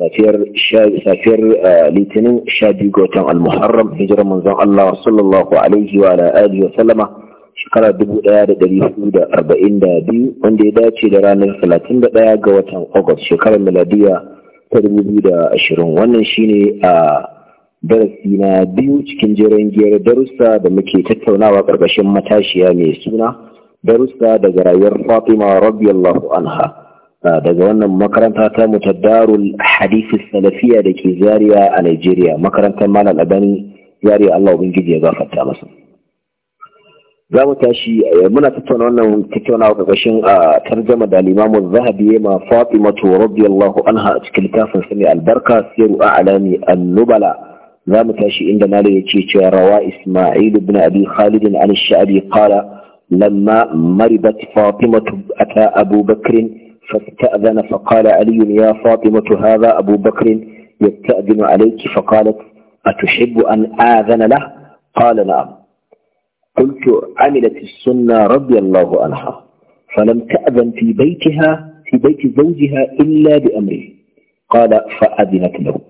safiyar eh, litinin sha biyu ga watan almuharram hijirar manzon Allah sallallahu alaihi wa alihi wa sallama shekara dubu ɗaya da dari hudu da arba'in da biyu wanda ya dace da ranar talatin da ɗaya ga watan ogos shekarar miladiya ta dubu da ashirin wannan shine a darasi na biyu cikin jiran giyar darussa da muke tattaunawa ƙarƙashin matashiya mai suna darussa daga rayuwar fatima radiyallahu anha Ah, daga wannan makaranta ta mu Hadithi darul salafiya da ke zariya a Najeriya makarantar malam abani zariya Allah ubangiji ya gafarta masa za mu tashi eh, muna tattauna wannan tattaunawa ƙarƙashin a ah, tarjama da limamu zahabi ya ma fatimatu radiyallahu anha a cikin littafin sani albarka siru a alami annubala za mu tashi inda na ya ce cewa rawa isma'il ibn abi khalid an sha'abi qala lamma maribat fatimatu ata abubakrin فاستأذن فقال علي يا فاطمة هذا أبو بكر يستأذن عليك فقالت أتحب أن آذن له قال نعم قلت عملت السنة رضي الله عنها فلم تأذن في بيتها في بيت زوجها إلا بأمره قال فأذنت له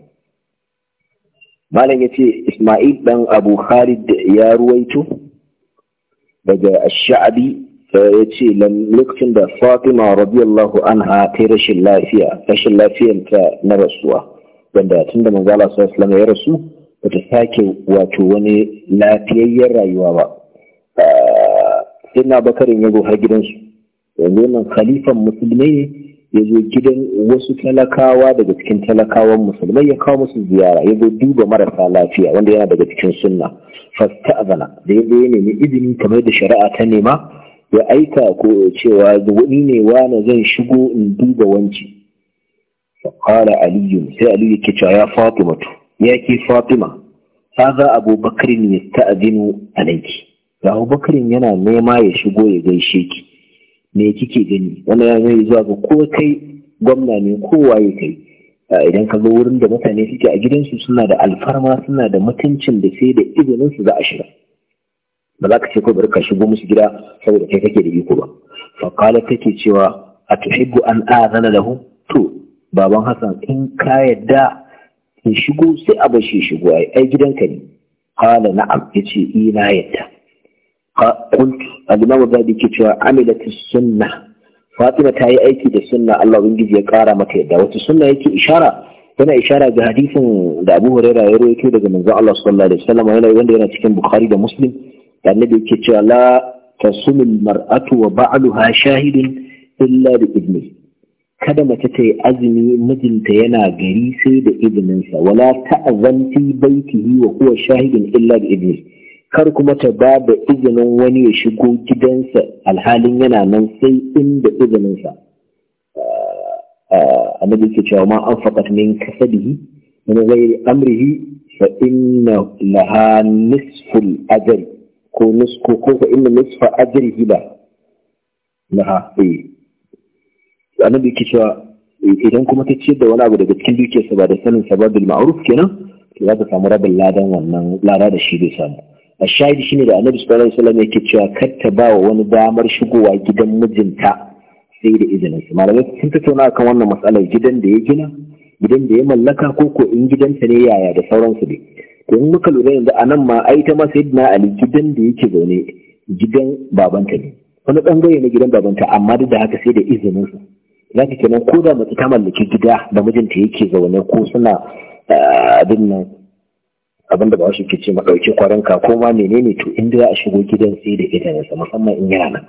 ما ya ce إسماعيل بن أبو خالد يا رويته daga الشعبي ya ce lokacin da fatima radiyallahu anha ta rashin lafiya rashin lafiyanta na rasuwa wanda tun da manzala sallallahu ya rasu ba ta sake wato wani lafiyayyen rayuwa ba ah, sai bakarin ya zo har gidansu yanzu nan khalifan musulmai ne ya zo gidan wasu talakawa daga cikin talakawan musulmai ya kawo musu ziyara ya zo duba marasa lafiya wanda yana daga cikin sunna fasta fasta'zana da ya zo ya nemi izini kamar da shari'a ta nema ya aika ko ya cewa wani ne na zan shigo in duba wanci faƙara aliyu sai aliyu ke cewa ya fatima to ya ke fatima haza abubakar ne ta azinu alaiki abubakar yana nema ya shigo ya gaishe ki me kike gani Wani ya zai zuwa ga ko kai gwamna ne kowa waye kai idan ka zo wurin da mutane suke a gidansu suna da alfarma suna da mutuncin da sai da izinin su za a shiga ba za ka ce ko bari ka shigo musu gida saboda kai kake da iko ba fa qala take cewa a atuhibbu an azana lahu to baban Hassan in ka yadda in shigo sai a shi shigo ai ai gidanka ne qala na'am yace i eh, na yadda qult al-imam zabi ke cewa amilat sunnah Fatima ta yi aiki da sunna Allah ubangiji ya kara mata yadda wata sunna yake ishara yana ishara ga hadisin da Abu Hurairah ya rawaito daga manzon Allah sallallahu alaihi wasallam yana wanda yana cikin Bukhari da Muslim da annabi yake cewa la tasumul mar'atu wa ba'luha shahidun illa bi idni kada mace ta yi azumi mijinta yana gari sai da izininsa wala ta'zan fi baitihi wa huwa shahidun illa bi idni kar kuma ta ba da izinin wani ya shigo gidansa alhalin yana nan sai da izininsa ah, ah, annabi yake cewa ma an faqat min kasabihi min ghairi amrihi fa inna laha nisful ajri ko nisku ko fa inna nisfa ajrihi la laha eh annabi ke cewa eh, idan kuma ta ciyar da wani abu daga cikin sa ba da sanin sababil ma'ruf kenan to za ta samu rabin ladan wannan lada da shi zai samu a shahidi shine da annabi sallallahu alaihi wasallam yake cewa kar ta ba wa wani damar shigowa gidan mijinta sai da izinin su malamai sun tattauna akan wannan matsalar gidan da ya gina gidan da ya mallaka ko ko in gidansa ne yaya da sauransu dai in muka lura yanzu a nan ma ai ta ma na ali gidan da yake zaune gidan babanta ne wani bangare na gidan babanta amma duk da haka sai da izinin su ka kenan ko da mace ta mallaki gida da mijinta yake zaune ko suna eh, abin nan abin da ba shi ke ce madauki ka, ko ma menene to inda za a shigo gidan sai da sa musamman in yana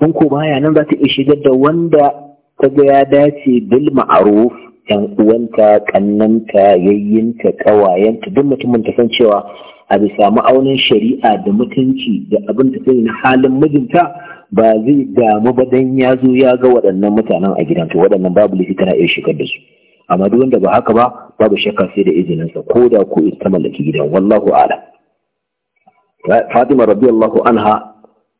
nan in ko baya nan za ta iya shigar da wanda ta ga ya dace bil ma'aruf yan uwanta kannanta yayyinta ƙawayenta duk mutumin ta san cewa a bisa ma'aunin shari'a da mutunci da abin da na halin mijinta ba zai damu ba dan ya zo ya ga waɗannan mutanen a gidan to waɗannan babu laifi tana iya shigar da su amma duk wanda ba haka ba babu shakka sai da izininsa ko da ko ita mallaki gidan wallahu a'lam Fatima radiyallahu anha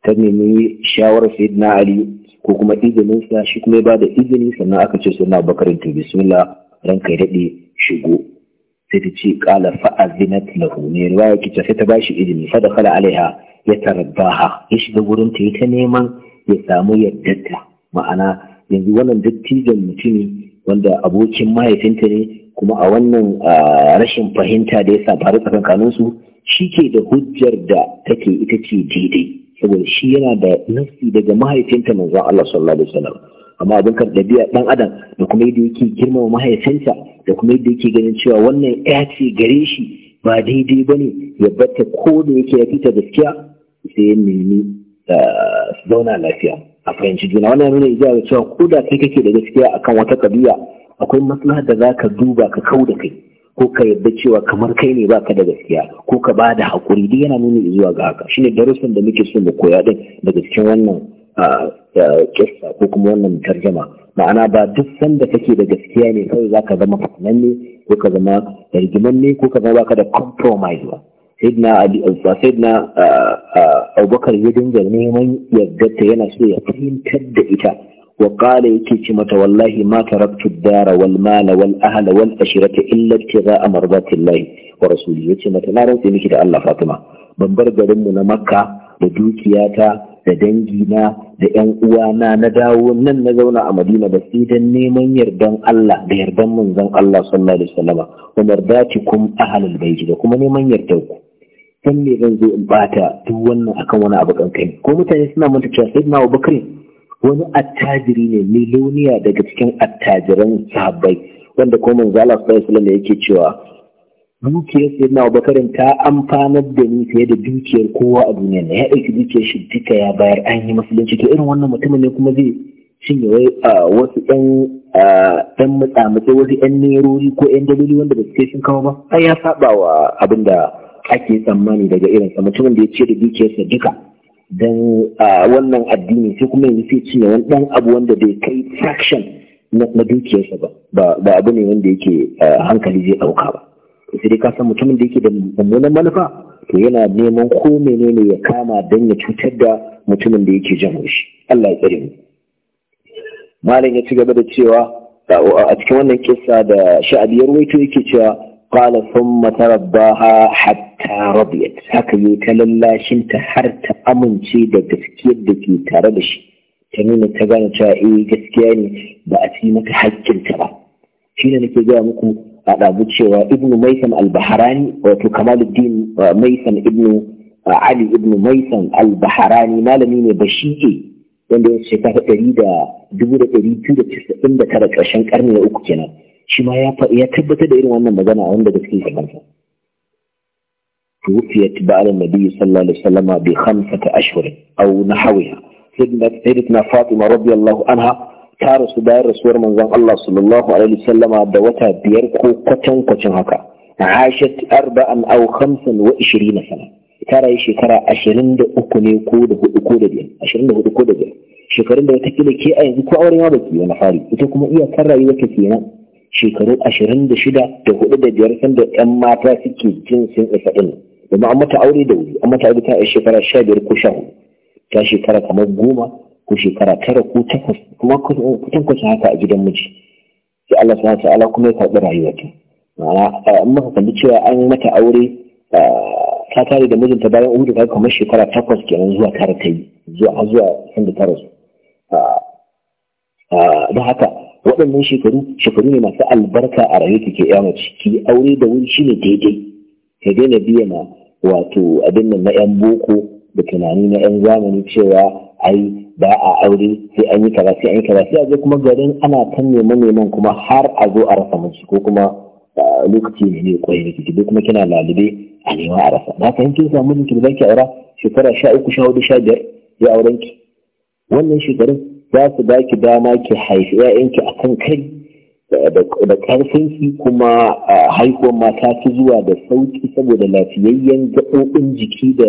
ta nemi shawarar Sayyidina Ali ko kuma izinin sa shi kuma ya bada izini sannan aka ce sunna Abubakar to bismillah ranka ya daɗe, shigo sai ta ce qala fa azinat lahu ne riwaya kice sai ta bashi izini fa da kala alaiha ya ha ya shiga gurin ta yi ta neman ya samu ta ma'ana yanzu wannan dattijan mutumi wanda abokin mahaifinta ne kuma a wannan rashin fahimta da ya sa faru tsakankaninsu shi ke da hujjar da take ita ce daidai saboda shi yana da nufi daga mahaifinta manzon Allah sallallahu alaihi wasallam amma abin kan ɗabi'a ɗan adam da kuma yadda yake girmama mahaifinta, da kuma yadda yake ganin cewa wannan ya ce gare shi ba daidai ba ne ya bata ko da yake ya fita gaskiya sai ya nemi ah, zauna lafiya a fahimci juna wannan nuna ijawa cewa ko da kai kake da gaskiya akan wata kabiya akwai maslaha da za ka duba ka kau da kai ko ka yadda cewa kamar kai ne baka da gaskiya ko ka ba da hakuri duk yana nuni zuwa ga haka shine darussan da muke so mu koya din daga cikin wannan kissa ko kuma wannan tarjama ma'ana ba duk sanda kake da gaskiya ne kawai zaka zama ne ko ka zama ne ko ka zama baka da compromise ba sayyidina ali sayyidina abubakar ya dinga neman yadda ta yana so ya fahimtar da ita wa qala yake ce mata wallahi ma taraktu dara wal mala wal ahla wal ashirata illa ibtigha'a mardatillahi wa rasuli mata na rantse miki da Allah Fatima ban bar garin mu na Makka da dukiyata da dangi na da ƴan uwana na dawo nan na zauna a Madina da sai dan neman yardan Allah da yardan manzon Allah sallallahu alaihi wasallama wa mardatikum ahlul bait da kuma neman yardan ku dan me zan zo in bata duk wannan akan wani abu kan kai ko mutane suna manta cewa sayyidina Abubakar wani attajiri ne miloniya daga cikin attajiran sahabbai wanda kuma manzo Allah sallallahu alaihi yake cewa dukiyar na Abubakar ta amfanar da ni fiye da dukiyar kowa a duniya na ya aiki dukiyar shi duka ya bayar an yi musulunci to irin wannan mutumin ne kuma zai cinye wai wasu ɗan ɗan mutsamutsa wasu ɗan nerori ko ɗan dalili wanda ba su kai sun kawo ba ai ya saba wa abin da ake tsammani daga irin sa mutumin da ya ce da dukiyarsa duka don wannan addini sai kuma yanzu sai cinye wani ɗan abu wanda bai kai fraction na dukiyarsa ba ba abu ne wanda yake hankali zai ɗauka ba sai dai ka san mutumin da yake da mummunan manufa to yana neman ko menene ya kama don ya cutar da mutumin da yake jan shi Allah ya tsare mu malam ya ci gaba da cewa a cikin wannan kisa da sha'abiyar waito yake cewa قال ثم ترباها حتى رضيت haka yi ta lallashin ta har ta amince da gaskiyar da ke tare da shi ta nuna ta gane cewa eh gaskiya ne ba a ci mata ta ba shi ne nake gaya muku a ɗabu cewa ibnu maisan al-baharani wato kamaluddin maisan ibnu ali ibnu maisan al-baharani malami ne bashike wanda ya shekara ɗari da dubu da ɗari biyu da casa'in da tara ƙarshen ƙarni na uku kenan shi ma ya tabbatar da irin wannan magana a wanda gaske shi kansa توفيت بعد النبي صلى الله عليه وسلم بخمسة أشهر أو نحوها سيدتنا فاطمة رضي الله عنها تارس دار رسول من زن الله صلى الله عليه وسلم دوتها بيركو قتن قتن haka عاشت أربعا أو خمسا وعشرين سنة ترى شكرا عشرين دا أكوني كود أكود بيان عشرين دا أكود بيان شكرا دا تكيلي كي أين ذكو أوري ما بكي ونحاري إتكم إيا كرا إيا كثيرا shekaru ashirin da shida da hudu da biyar sanda yan mata suke jin sun isa ɗin domin an mata aure da wuri an mata aure ta a shekara sha biyar ko sha hudu ta shekara kamar goma ko shekara tara ko takwas kuma kusan kusan haka a gidan miji sai Allah subhanahu ta'ala kuma ya karɓi rayuwarta ma'ana eh, in muka kalli cewa an mata aure eh, ta tare da mijinta bayan uhudu ta kamar shekara takwas kenan zuwa tara ta yi zuwa zuwa sanda ta rasu eh, Ah, da haka waɗannan shekaru shekaru ne masu albarka a rayu kike ya mace ki aure da wuri shine daidai ka daina biya ma wato abin nan na yan boko da tunani na yan zamani cewa ai ba a aure sai an yi kaza sai an yi kaza sai a zo kuma garin ana kan neman neman kuma har a zo a rasa mace ko kuma ah, lokaci ne ne kwai da kike kuma kina lalube a nema a rasa na kan kin samu mijinki da zaki aura shekara sha uku sha hudu sha biyar aurenki wannan shekarun za su baki dama ki haifi ‘ya'yanki a kan kai da ƙarfinsu kuma haihuwar mata ta zuwa da sauƙi saboda lafiyayyen gaɓoɓin jiki da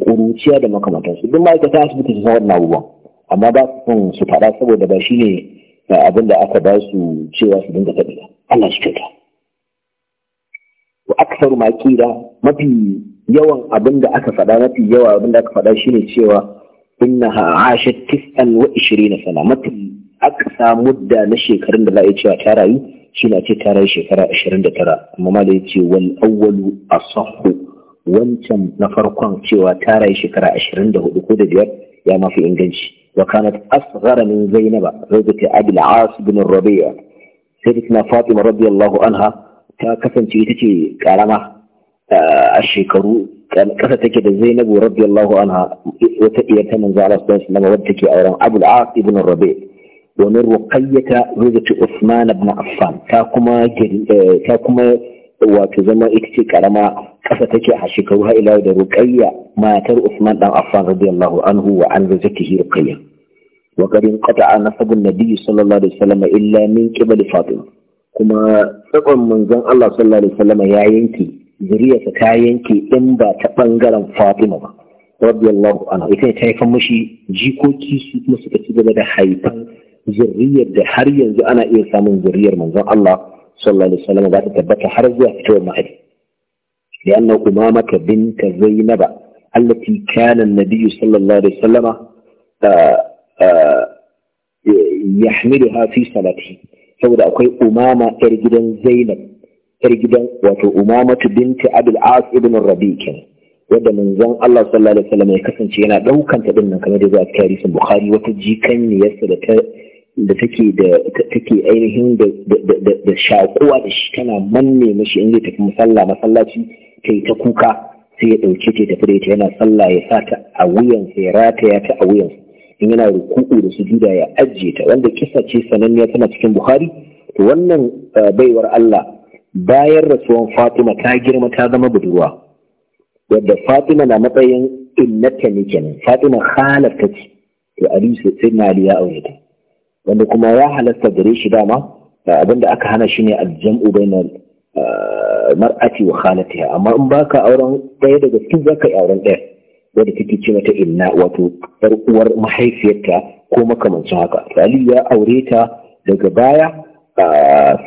ƙuruciya da makamantansu duk ma'aikata asibiti su san wannan abubuwan amma ba su son su faɗa saboda ba shi ne abin da aka ba su cewa su dinga faɗi Allah shi kyauta aksaru maƙira mafi yawan abin da aka faɗa mafi yawa abin da aka faɗa shine cewa innaha ashat tis'an wa ishirina sana mafi aka mudda na shekarun da za a yi cewa ta rayu shi a ce ta rayu shekara ashirin da tara amma ma da ya ce wal awwalu wancan na farkon cewa ta rayu shekara ashirin da hudu ko da biyar ya mafi inganci wa kanat asghara min zainaba zawjati abil as bin rabi'a sayyidatuna fatima radiyallahu anha ta kasance ita ce karama a shekaru kasa take da Zainabu radiyallahu anha wata iya ta manzo Allah sallallahu alaihi wasallam take auren Abul As ibn Rabi domin Ruqayyata zawjatu Usman ibn Affan ta kuma eh, ta kuma wato zama ita ce karama kasa take a shekaru har ila da Ruqayya matar Usman dan Affan radiyallahu anhu wa an zawjatihi Ruqayya wa qad inqata'a nasabu an-nabi sallallahu alaihi wasallam illa min qibali Fatima kuma tsakon manzon Allah sallallahu alaihi wasallam ya yanke zuriyarsa ta yanke in ba ta bangaren Fatima ba radiyallahu anha ita ta haifan mashi jikoki su kuma suka ci gaba da haifan zuriyar da har yanzu ana iya samun zuriyar manzon Allah sallallahu alaihi wasallam za ta tabbata har zuwa fitowar ma'adi لأن أمامة بنت زينب التي كان النبي صلى الله عليه وسلم آآ آآ يحملها في صلاته saboda akwai umama yar gidan zainab yar gidan wato umamatu binti abul as ibn rabi kenan wanda manzon Allah sallallahu alaihi wasallam ya kasance yana daukan ta dinnan kamar da zuwa cikin hadisin bukhari wata jikan ne da ta da take da take ainihin da da shakuwa da shi tana manne mashi in zai tafi musalla masallaci ta yi ta kuka sai ya dauke ta tafi da ita yana sallah ya sa ta a wuyansa ya rataya ta a wuyansa in yana ruku'u da sujuda ya ajiye ta wanda kisa ce sananniya tana cikin bukhari to wannan eh, baiwar Allah bayan rasuwan fatima ta girma ta zama budurwa wadda fatima na matsayin innata ne kenan fatima halarta ce to ali sai na ali ya aure ta wanda kuma ya halasta gare shi dama abinda aka hana shi ne aljam'u bainal ah, mar'ati wa khalatiha amma in baka auren ɗaya daga cikin zaka yi auren ɗaya wadda take ce mata inna wato yar uwar mahaifiyarta ko makamancin haka to ali ya aure ta daga baya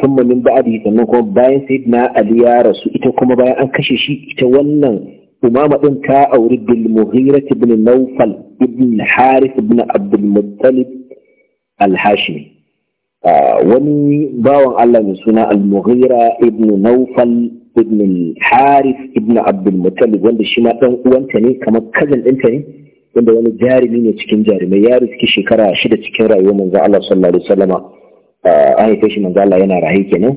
sun ba'adi sannan kuma bayan sai na ali ya rasu ita kuma bayan an kashe shi ita wannan umama din ta auri bil muhirat ibn nawfal ibn harith ibn abdul muttalib al hashimi wani bawan Allah mai suna al muhira ibn nawfal ibn al harith ibn abdul muttalib wanda shi ma dan uwanta ne kamar kazan ɗinta ne wanda wani jarumi ne cikin jarumai ya riski shekara shida cikin rayuwar manzo Allah sallallahu alaihi wasallama Ah, an haife shi manzo Allah yana rahi kenan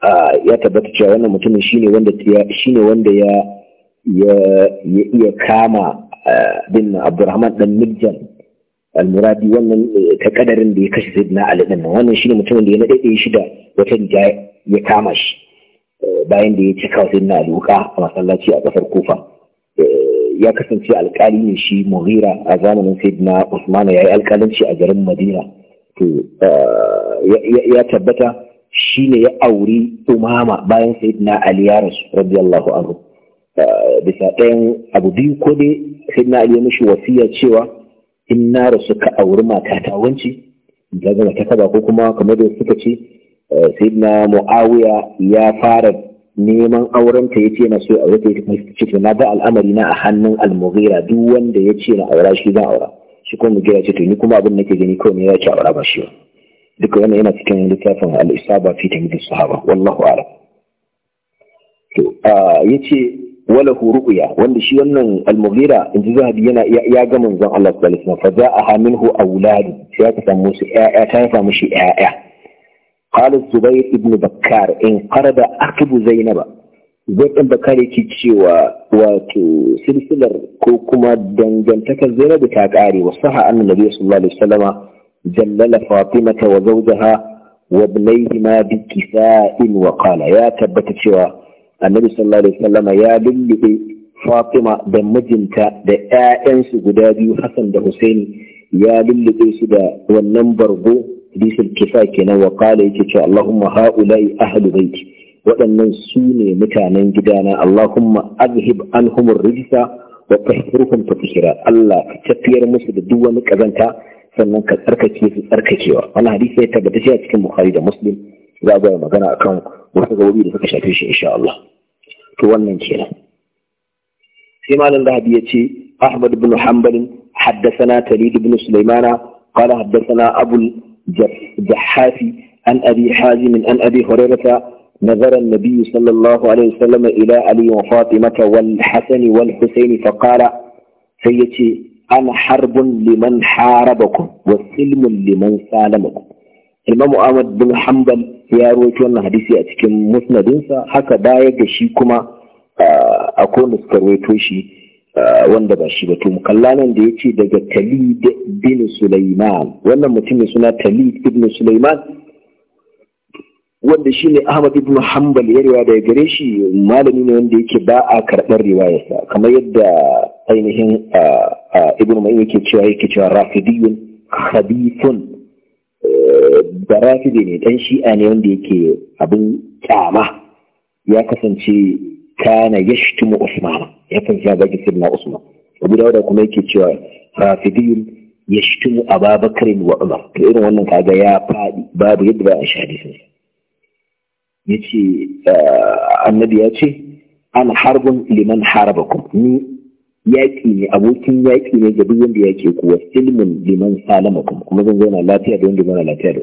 ah, ya tabbata cewa wannan mutumin shine wanda shine wanda ya ya iya kama ah, bin Abdurrahman dan Mijjan al-Muradi wannan eh, ta kadarin da ya kashe Sayyidina Ali dan wannan shine mutumin da ya nade shi da wata da ya kama shi eh, bayan da ya cika Sayyidina Ali wuka a masallaci a kasar Kufa eh, ya kasance alkali ne shi Mughira a zamanin Sayyidina Usman yayi alkalanci a garin Madina to eh, ya tabbata shi ne ya auri umama bayan sayyidina ali ya rasu radiyallahu anhu eh, bisa ɗayan abu biyu ko dai sayyidina ali ya mishi wasiya cewa in na rasu ka auri matata wanci da zama ta kaba ko kuma kamar da suka ce eh, sayyidina muawiya ya fara neman auren ta yace na so aure ta yace na ga al'amari na a hannun al duk wanda yace na aura shi zan aura shi kuma mugira ce to ni kuma abin nake gani kawai ne ya ci aura ba shi ba duka wannan yana cikin littafin al-isaba fi tamyiz sahaba wallahu a'lam to yace wala ru'ya wanda shi wannan al-mughira inji zahabi yana ya ga manzon Allah sallallahu alaihi wasallam fa ja'aha minhu awladu sai aka samu su ƴaƴa ta haifa mishi ƴaƴa qala zubayr ibn bakkar in qarada akbu zainaba zai tabbatar yake cewa wato silsilar ko kuma dangantakar zainabu ta kare wa saha annan nabi sallallahu alaihi wasallama jallala fatimata wa zawjaha wa ibnayhima bi kisa'in wa qala ya tabbata cewa annabi sallallahu alaihi wasallama ya lullube fatima da mijinta da ƴaƴansu guda biyu hasan da husaini ya lulluɓe su da wannan bargo hadisul kisa kenan wa qala yake cewa allahumma ha'ula'i ahlu baiti waɗannan su ne mutanen gidana Allahumma azhib anhumur rijsa wa tahhirhum tatheera Allah ka tafiyar musu da duk wani kazanta sannan ka tsarkake su tsarkakewa wannan hadisi ya tabbata shi a cikin Bukhari da Muslim za ga magana akan wasu gabobi da suka shafe shi insha Allah to wannan kenan sai malam zahabi ya ce Ahmad ibn Hanbal حدثنا تليد بن سليمان قال حدثنا أبو الجحافي عن أبي an عن أبي هريرة نظر النبي صلى الله عليه وسلم إلى علي وفاطمة والحسن والحسين فقال سيتي أنا حرب لمن حاربكم وسلم لمن سالمكم Imam Ahmad bin Hanbal ya rawaito wannan hadisi a cikin musnadinsa haka baya ga shi kuma a kone suka rawaito shi wanda ba shi ba to mukallanan da ce daga Talid bin Sulaiman wannan mutumin suna tali ibn Sulaiman wanda shi ne Ahmad ibn Hanbal ya riwaya daga gare shi malami ne wanda yake ba a karɓar riwayarsa kamar yadda ainihin ibn Ma'in yake cewa yake cewa rafidiyun khabithun da eh, rafidi ne dan shi'a ne wanda yake abin kyama ya kasance kana yashtumu Usman ya kasance ya zagi sirna Usman Abu Dawud kuma yake cewa rafidiyun yashtumu Abubakar wa Umar irin wannan kaga ya faɗi babu yadda ba a shahadisin Yace ce ah, annabi ya ce an harbin liman harabakum ni yaƙi ne abokin yaƙi ne ga duk wanda ya ku kuwa ilmin liman salamakum kuma zan zauna lafiya da wanda mana lafiya da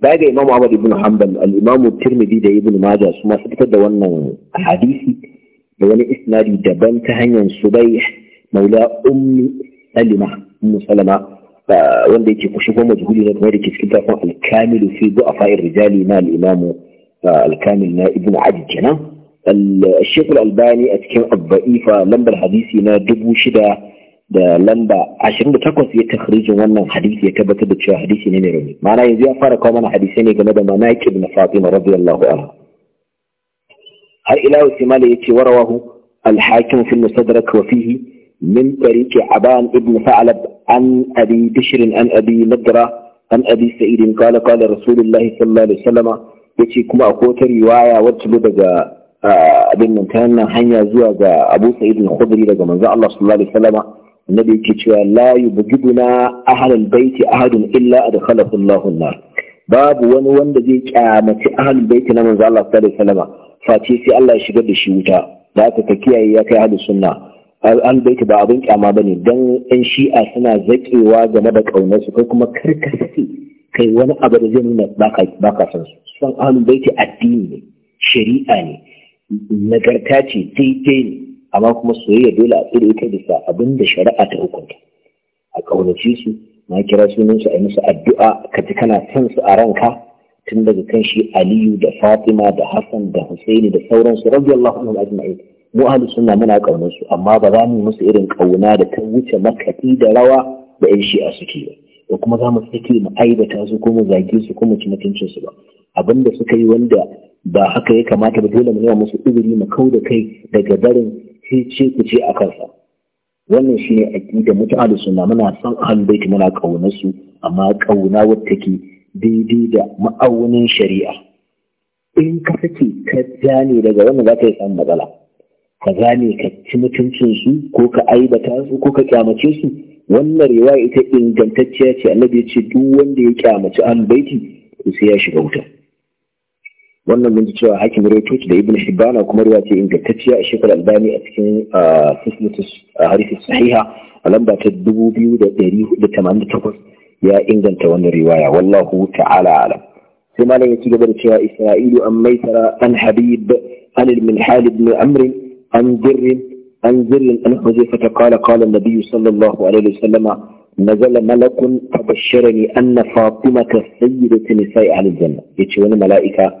baya ga imamu ahmad ibn hanbal al-imamu tirmidhi da ibn majah su masu fitar da wannan hadisi da wani isnadi daban ta hanyar subai maula ummi salima ummu salama ah, wanda yake kushe kuma majhuli na kuma da ke cikin tafin al-kamilu fi du'afa rijali na al-imamu الكامل ابن عدي جنا الشيخ الألباني أتكين الضعيفة لنبا الحديثي نا دبو شدا دا لنبا عشرين بتاكوس يتخرج وانا حديث يتبت بتشا حديثي نيني روني معنى يزي أفارة كومانا حديثيني كمدا ما نايك ابن فاطمة رضي الله عنه هل إله سمال يتي ورواه الحاكم في المصدرك وفيه من طريق عبان ابن فعلب عن أبي بشر عن أبي مدرة عن أبي سعيد قال قال رسول الله صلى الله عليه وسلم yace kuma akwai wata riwaya wacce daga abin nan ta hanya zuwa ga Abu Sa'id al-Khudri daga manzon Allah sallallahu alaihi wasallam annabi yake cewa la yubghiduna baiti ahadun illa adkhalahu Allahu an babu wani wanda zai kyamaci ahlul baiti na manza Allah sallallahu alaihi wasallam face sai Allah ya shigar da shi wuta da kiyaye ya kai ahlus sunna ahlul baiti ba abin kyama bane dan yan shi'a suna zakewa game da kaunar su kai kuma karka kai wani abu da zai nuna baka baka san su san ahlul baiti addini ne shari'a ne nagarta ce daidai ne amma kuma soyayya dole a tsire ita bisa abin da shari'a ta hukunta a kaunace su na kira sunan su a musu addu'a ka ji kana son su a ranka tun daga kan shi Aliyu da Fatima da Hassan da Husaini da sauransu radiyallahu anhum ajma'in mu ahlus sunna muna kaunar su amma ba za mu musu irin kauna da ta wuce makaɗi da rawa da yan shi'a suke ba da kuma za mu sake mu aibata su ko mu zage su ko mu ci mutuncin su ba abin da suka yi wanda ba haka ya kamata ba dole mu yi musu izini mu kau da kai daga barin sai ce ku ce a kansa wannan shine aqida da sunna muna san ahlul bait muna kaunar su amma kauna wacce take daidai da ma'aunin shari'a in ka sake ka zane daga wannan za ka yi samun matsala ka zane ka ci mutuncin su ko ka aibata su ko ka kyamace su wannan riwaya ita ingantacciya ce annabi ya ce duk wanda ya kyamaci ahlul baiti sai ya shiga wuta wannan mun ji cewa hakim rawaito da ibn hibbana kuma riwaya ce ingantacciya a shekul albani a cikin sismatus sahiha a lamba ta takwas, ya inganta wannan riwaya wallahu ta'ala alam sai malam ya ci gaba da cewa isra'ilu an maitara an habib an min halib amrin an dirrin أنزل ان حذيفة قال قال النبي صلى الله عليه وسلم نزل ملك فبشرني أن فاطمة سيدة نساء أهل الجنة وين ملائكة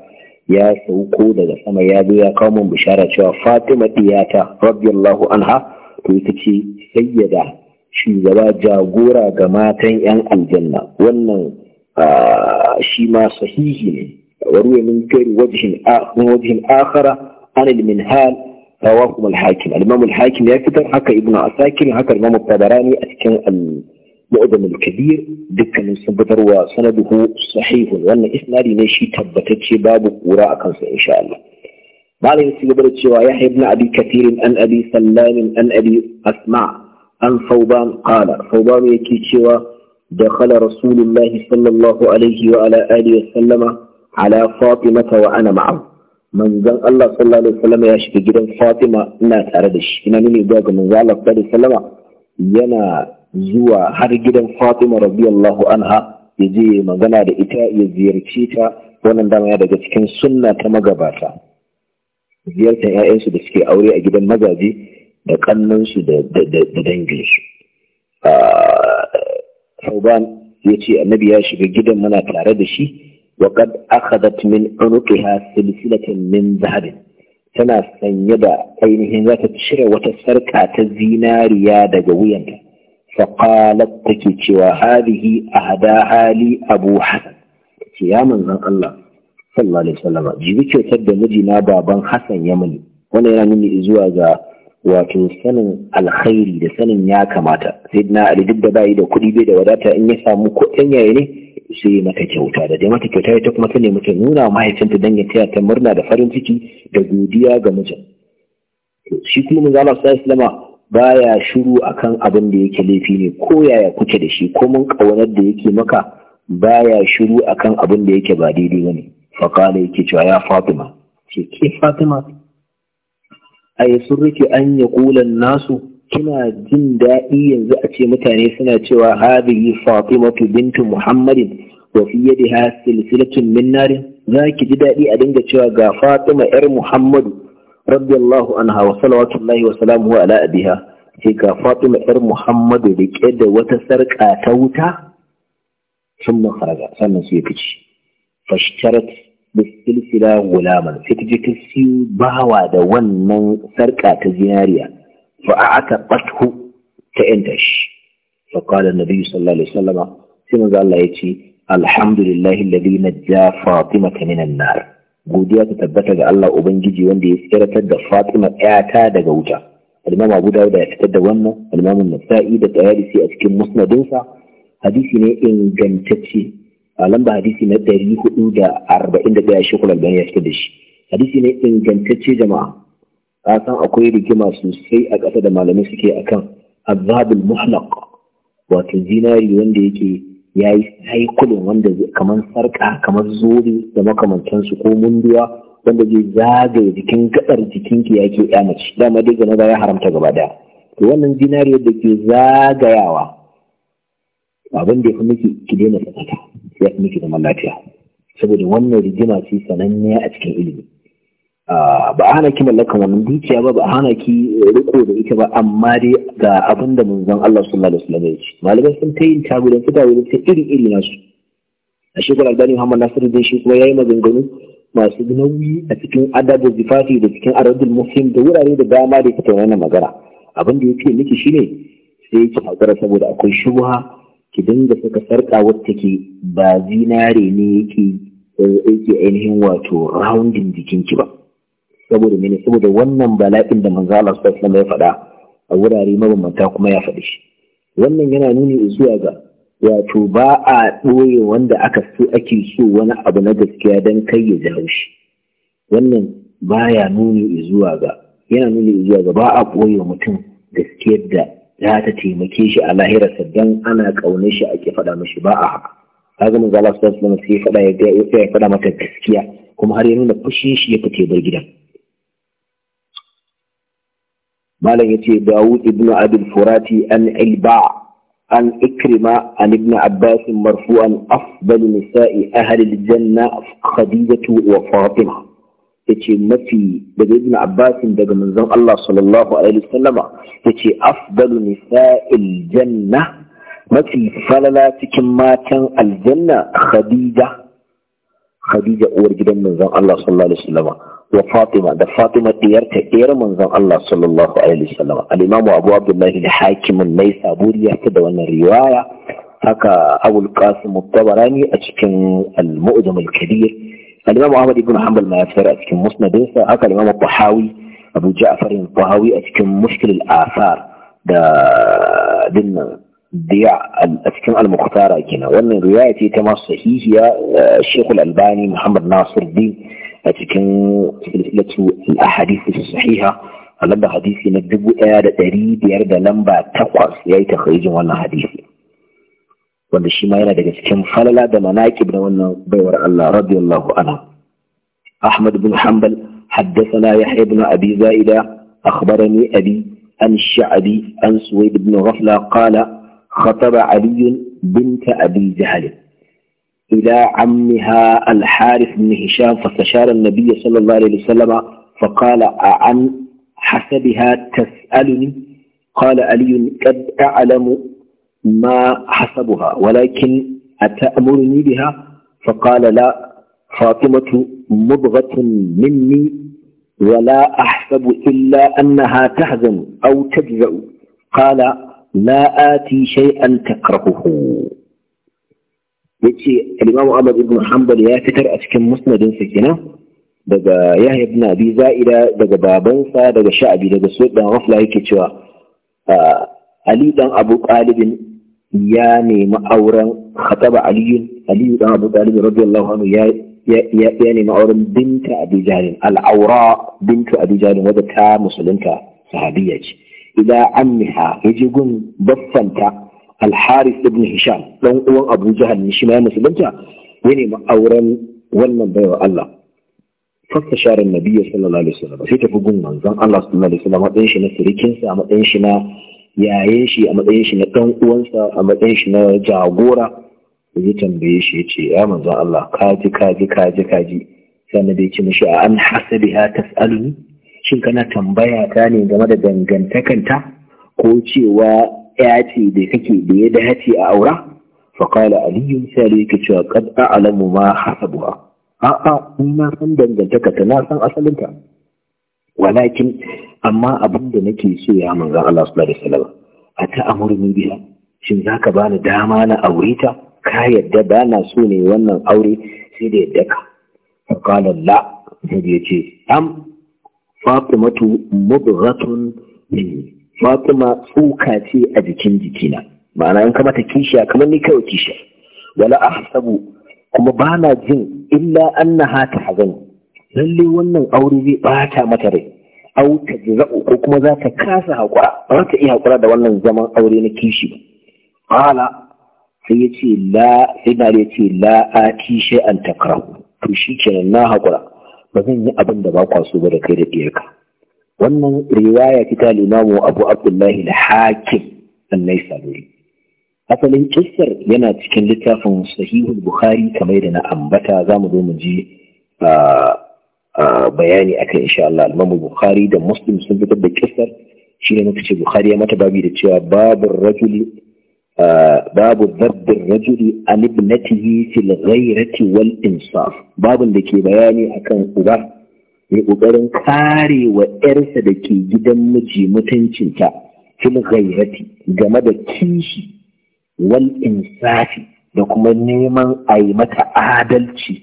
يا سوكودة سما يا ذو يا قوم بشارة فاطمة إياتا رضي الله عنها تيكتشي سيدة شي زبا جاغورا جماتا أن الجنة ون آه شي ما صحيح وروي من كل وجه آخر وجه آخر عن المنهال rawakum al-hakim al-imam al-hakim ya fitar haka ibnu asakir haka imam tabarani a cikin al-mu'jam al-kabir dukkanin sun fitarwa sanaduhu sahihun wannan isnadi ne shi tabbatacce babu kura a kansa insha Allah malam ya gaba da cewa ya ibn abi kathir an abi sallamin an abi asma an sauban qala sauban yake cewa دخل sallallahu alaihi صلى الله عليه wa آله ala على فاطمة وأنا معه manzon Allah sallallahu alaihi wasallam ya shiga gidan Fatima ina tare da shi ina nuni ga manzon Allah sallallahu alaihi wasallam yana zuwa har gidan Fatima radiyallahu anha ya je magana da ita ya ziyarci ta wannan dama ya daga cikin sunna ta magabata ziyartar 'ya'yansu da suke aure a gidan magaji da kannansu da danginsu ah, Sauban ya ce annabi ya shiga gidan muna tare da shi Waƙar أخذت من عنقها سلسلة من ذهب tana sanye da ainihin za ta cire wata sarka ta zinariya daga wuyanta faƙalat take cewa hadihi a hada hali abu hasan ya manzan Allah sallallahu alaihi wasallam kyautar da mijina baban Hassan ya muni. wannan yana nuni zuwa ga wato sanin alkhairi da sanin ya kamata sayyidina ali duk da bai da kuɗi bai da wadata in ya samu kuɗin yaya ne sai mata kyauta da dai mata kyauta ita kuma ta nemi ta nuna wa mahaifinta dan ya taya ta murna da farin ciki da godiya ga mijin shi kuma manzo Allah sallallahu baya shiru akan abin da yake laifi ne ko yaya kuke da shi ko mun kaunar da yake maka baya shiru akan abin da yake ba daidai bane fa qala yake cewa ya Fatima ce ke Fatima ay surriki an yaqula nasu kina jin daɗi yanzu a ce mutane suna cewa hadhihi fatimatu bintu muhammadin wa fi yadiha silsilatun min narin za ki ji daɗi a dinga cewa ga fatima yar muhammadu radiyallahu anha wa salawatullahi wa salamu ala abiha ce ga fatima yar muhammadu rike da wata sarƙa ta wuta sun makaraga sannan sai fice fashtarat bisilsila gulaman sai ta je ta siyo bawa da wannan sarƙa ta zinariya فأعتقته تأنتش فقال النبي صلى الله عليه وسلم سيما الله يتي الحمد لله الذي نجى فاطمة من النار godiya ta tabbata ga Allah Ubangiji wanda ya tsiratar da Fatima ƴata daga wuta. Al-Imam Abu Dawud ya fitar da wannan, Al-Imam Nasa'i da Tayarisi a cikin musnadinsa hadisi ne ingantacce a lamba hadisi na ɗari hudu da arba'in da ɗaya shekul albani ya fitar da shi hadisi ne ingantacce jama'a ka san akwai rigima sosai a ƙasa da malamai suke a kan azabul muhlaq wato zinari wanda yake ya yi haikulin wanda kamar sarka kamar zuri da makamantansu ko munduwa wanda zai zagaye jikin gabar jikinki yake ya mace dama dai gaba ya haramta gaba daya to wannan zinari da ke zagayawa abin da ya fi miki ki daina sadaka ya fi miki zaman lafiya saboda wannan rigima ce sananne a cikin ilimi Ah, ba a hana ki mallakan wannan dukiya ba ba a hana ki riko da ita ba amma dai ga abin da manzon Allah sallallahu alaihi wasallam ya ce malamai sun ta yin tabu da fita wurin ta iri iri nasu a shekarar albani muhammad nasiru dai shi kuma yayi maganganu masu nauyi a cikin adabu zifafi da cikin aradul muslim da wurare da dama da fita wannan magana abin da ya ce miki shine sai ki hakura saboda akwai shubha ki dinga saka sarka wacce ke ba zinare ne yake yake ainihin wato jikin jikinki ba saboda mene saboda wannan bala'in da manzo Allah sallallahu alaihi ya faɗa a wurare mabambanta kuma ya faɗi shi wannan yana nuni zuwa ga wato ba a ɗoye wanda aka so ake so wani abu na gaskiya dan kai ya ji haushi wannan baya nuni zuwa ga yana nuni zuwa ga ba a ɓoye mutum gaskiyar da za ta taimake shi a lahirarsa don ana ƙaunar shi ake faɗa mashi ba a haka kaga manzo Allah sallallahu alaihi sai ya faɗa ya faɗa mata gaskiya kuma har ya nuna fushin shi ya fita bar gidan malam ya ce Dawud ibn Abil Furati an Ilba an Ikrima an ibn Abbas marfu'an afdal nisa'i ahli al-janna Khadijatu wa Fatima yace mafi daga ibn Abbas daga manzon Allah sallallahu alaihi wasallama yace afdalu nisa'il janna mafi falala cikin matan aljanna Khadija Khadija uwar gidan manzon Allah sallallahu alaihi wasallama وفاطمه ده فاطمه ديرت ايره منزل الله صلى الله عليه وسلم الامام ابو عبد الله الحاكم النيسابوري يكتب وانا روايه هكا ابو القاسم الطبراني اشكن المؤدم الكبير الامام احمد بن حنبل ما يفسر اشكن مسند هكا الامام الطحاوي ابو جعفر الطحاوي اشكن مشكل الاثار ده دين ديع الاسكن المختاره كنا وان روايتي كما صحيح الشيخ الالباني محمد ناصر الدين أتكن سلسلة الأحاديث الصحيحة a lamba hadisi na dubu ɗaya da ɗari biyar da lamba takwas ya yi takarijin wannan hadisi wanda shi ma yana daga cikin falala da manaƙib na wannan baiwar Allah radiyallahu anha Ahmad bin Hanbal حدثنا يحيى بن أبي زائدة أخبرني أبي عن الشعبي عن سويد بن غفلة قال خطب علي بنت أبي جهل إلى عمها الحارث بن هشام فاستشار النبي صلى الله عليه وسلم فقال عن حسبها تسألني قال علي قد أعلم ما حسبها ولكن أتأمرني بها فقال لا فاطمة مضغة مني ولا أحسب إلا أنها تحزن أو تجزع قال لا آتي شيئا تكرهه yace al-Imam Ahmad ibn Hanbal ya fitar a cikin musnadin sa kenan daga Yahya ibn Abi Za'ida daga babansa daga Sha'abi daga Su'd Rafla yake cewa ah, Ali dan Abu Talib ya nemi auren khataba Ali Ali dan Abu Talib radiyallahu anhu ya ya nemi auren binta Abi Jahl al-Awra bintu Abi Jahl wadda ta musulunta sahabiyya ce ila ammiha yaji gun baffanta alharis ibn hisham dan uwan abu jahal ne shi ma musulunta ya nemi auren wannan baiwa Allah fastashara nabiyyi sallallahu alaihi wasallam sai tafi gun manzon Allah sallallahu alaihi wasallam matsayin shi na sirikin sa a matsayin shi na yayin shi a matsayin shi na dan uwansa a matsayin shi na jagora ya tambaye shi yace ya manzon Allah kaji kaji kaji kaji sai na bai ce mishi a an hasabiha tas'aluni shin kana tambaya ta ne game da dangantakanta ko cewa ya ce da kake da ya dace a aura faƙala aliyu misali yake cewa kad a'lamu ma hasabuha a'a in na san dangantaka ta na san asalinta walakin amma abin da nake so ya manzan Allah sallallahu alaihi wasallam a ta amurni biya shin zaka bani dama na aure ta ka yadda ba na so ne wannan aure sai da yadda ka faƙala la sai ya ce am fatimatu mudghatun minni fatima tsoka ce a jikin jikina ma'ana in kamata kishiya kamar ni kawai kishiya wala ahsabu kuma ba na jin illa annaha ta hazan lalle wannan aure zai bata mata rai au ta jira'u ko kuma za ta kasa haƙura ba ta iya haƙura da wannan zaman aure na kishi ƙala sai ya ce la ina ya ce la a kishe an takrahu to shi kenan na hakura ba zan yi abin da ba kwaso ba da kai da ɗiyarka wannan riwaya ta limamu abu abdullahi da hakim annai saluri asalin kissar yana cikin littafin sahihul bukhari kamar da na ambata za mu zo mu ji bayani akan insha Allah al-Imam Bukhari da Muslim sun fitar da kissar shi ne muka ce Bukhari ya mata babi da cewa babu rajuli babu dabbir rajuli an ibnatihi fil ghayrati wal insaf babun da ke bayani akan uba ya ƙoƙarin kare wa ‘yarsa da ke gidan miji mutuncinta fil ghairati game da kishi wal insafi da kuma neman a yi mata adalci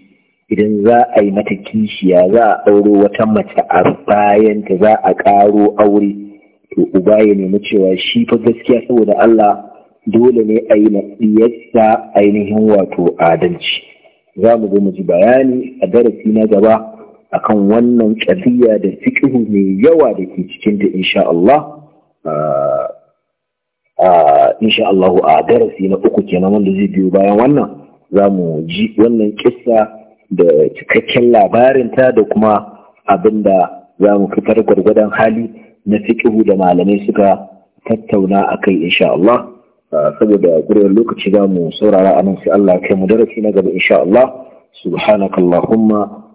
idan za a yi mata kishiya za a auro wata mace a bayanta za a ƙaro aure to uba ya nemi cewa shi fa gaskiya saboda Allah dole ne a yi ainihin wato adalci za mu zo mu ji bayani a darasi na gaba akan wannan ƙadiyya da fiƙihu mai yawa da ke cikinta insha Allah ah, ah, insha Allah a darasi na uku kenan wanda zai biyo bayan wannan za mu ji wannan kissa da cikakken labarin ta, da kuma abinda da za mu fitar gwargwadon hali na fiƙihu da malamai suka tattauna a kai insha Allah ah, saboda gurbin lokaci za mu saurara a nan sai Allah kai mu darasi na gaba insha Allah subhanakallahumma